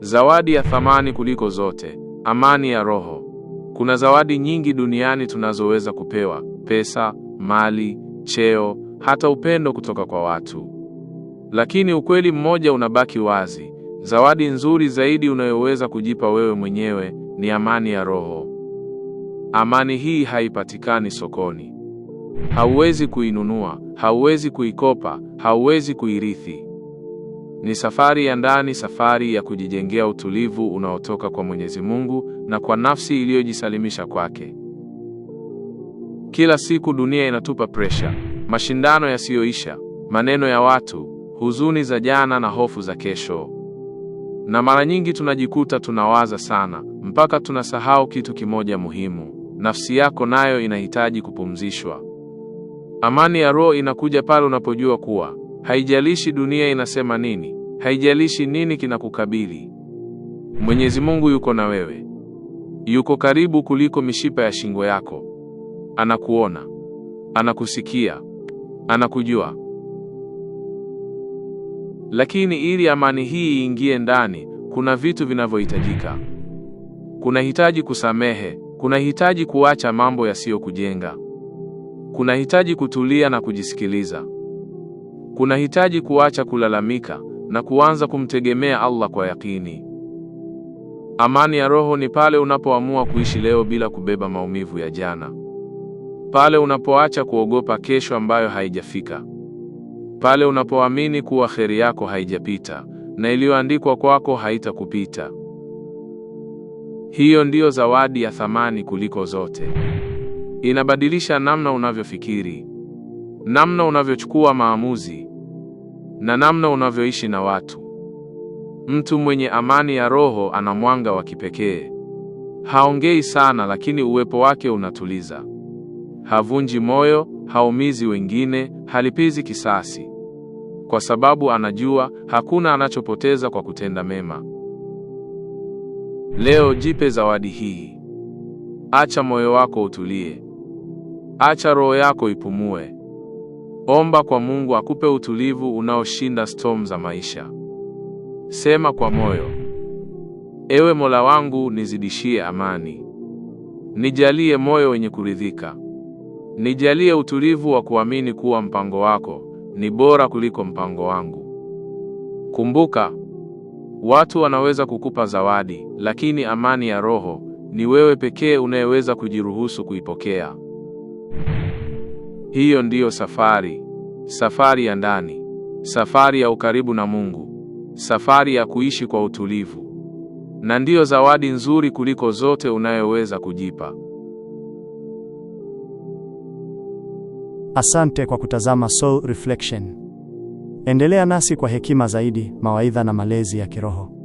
Zawadi ya thamani kuliko zote, amani ya roho. Kuna zawadi nyingi duniani tunazoweza kupewa: pesa, mali, cheo, hata upendo kutoka kwa watu. Lakini ukweli mmoja unabaki wazi: zawadi nzuri zaidi unayoweza kujipa wewe mwenyewe ni amani ya roho. Amani hii haipatikani sokoni, hauwezi kuinunua, hauwezi kuikopa, hauwezi kuirithi. Ni safari ya ndani, safari ya kujijengea utulivu unaotoka kwa Mwenyezi Mungu na kwa nafsi iliyojisalimisha kwake. Kila siku dunia inatupa presha, mashindano yasiyoisha, maneno ya watu, huzuni za jana na hofu za kesho, na mara nyingi tunajikuta tunawaza sana mpaka tunasahau kitu kimoja muhimu: nafsi yako nayo inahitaji kupumzishwa. Amani ya roho inakuja pale unapojua kuwa haijalishi dunia inasema nini, Haijalishi nini kinakukabili, Mwenyezi Mungu yuko na wewe, yuko karibu kuliko mishipa ya shingo yako. Anakuona, anakusikia, anakujua. Lakini ili amani hii iingie ndani, kuna vitu vinavyohitajika. Kunahitaji kusamehe, kunahitaji kuacha mambo yasiyokujenga, kunahitaji kutulia na kujisikiliza, kunahitaji kuacha kulalamika na kuanza kumtegemea Allah kwa yakini. Amani ya roho ni pale unapoamua kuishi leo bila kubeba maumivu ya jana, pale unapoacha kuogopa kesho ambayo haijafika, pale unapoamini kuwa kheri yako haijapita na iliyoandikwa kwako haitakupita. Hiyo ndiyo zawadi ya thamani kuliko zote. Inabadilisha namna unavyofikiri, namna unavyochukua maamuzi na namna unavyoishi na watu. Mtu mwenye amani ya roho ana mwanga wa kipekee. Haongei sana, lakini uwepo wake unatuliza. Havunji moyo, haumizi wengine, halipizi kisasi, kwa sababu anajua hakuna anachopoteza kwa kutenda mema. Leo jipe zawadi hii. Acha moyo wako utulie, acha roho yako ipumue. Omba kwa Mungu akupe utulivu unaoshinda storm za maisha. Sema kwa moyo, ewe Mola wangu, nizidishie amani, nijalie moyo wenye kuridhika, nijalie utulivu wa kuamini kuwa mpango wako ni bora kuliko mpango wangu. Kumbuka, watu wanaweza kukupa zawadi, lakini amani ya roho ni wewe pekee unayeweza kujiruhusu kuipokea. Hiyo ndiyo safari, safari ya ndani, safari ya ukaribu na Mungu, safari ya kuishi kwa utulivu, na ndiyo zawadi nzuri kuliko zote unayoweza kujipa. Asante kwa kutazama Soul Reflection. Endelea nasi kwa hekima zaidi, mawaidha na malezi ya kiroho.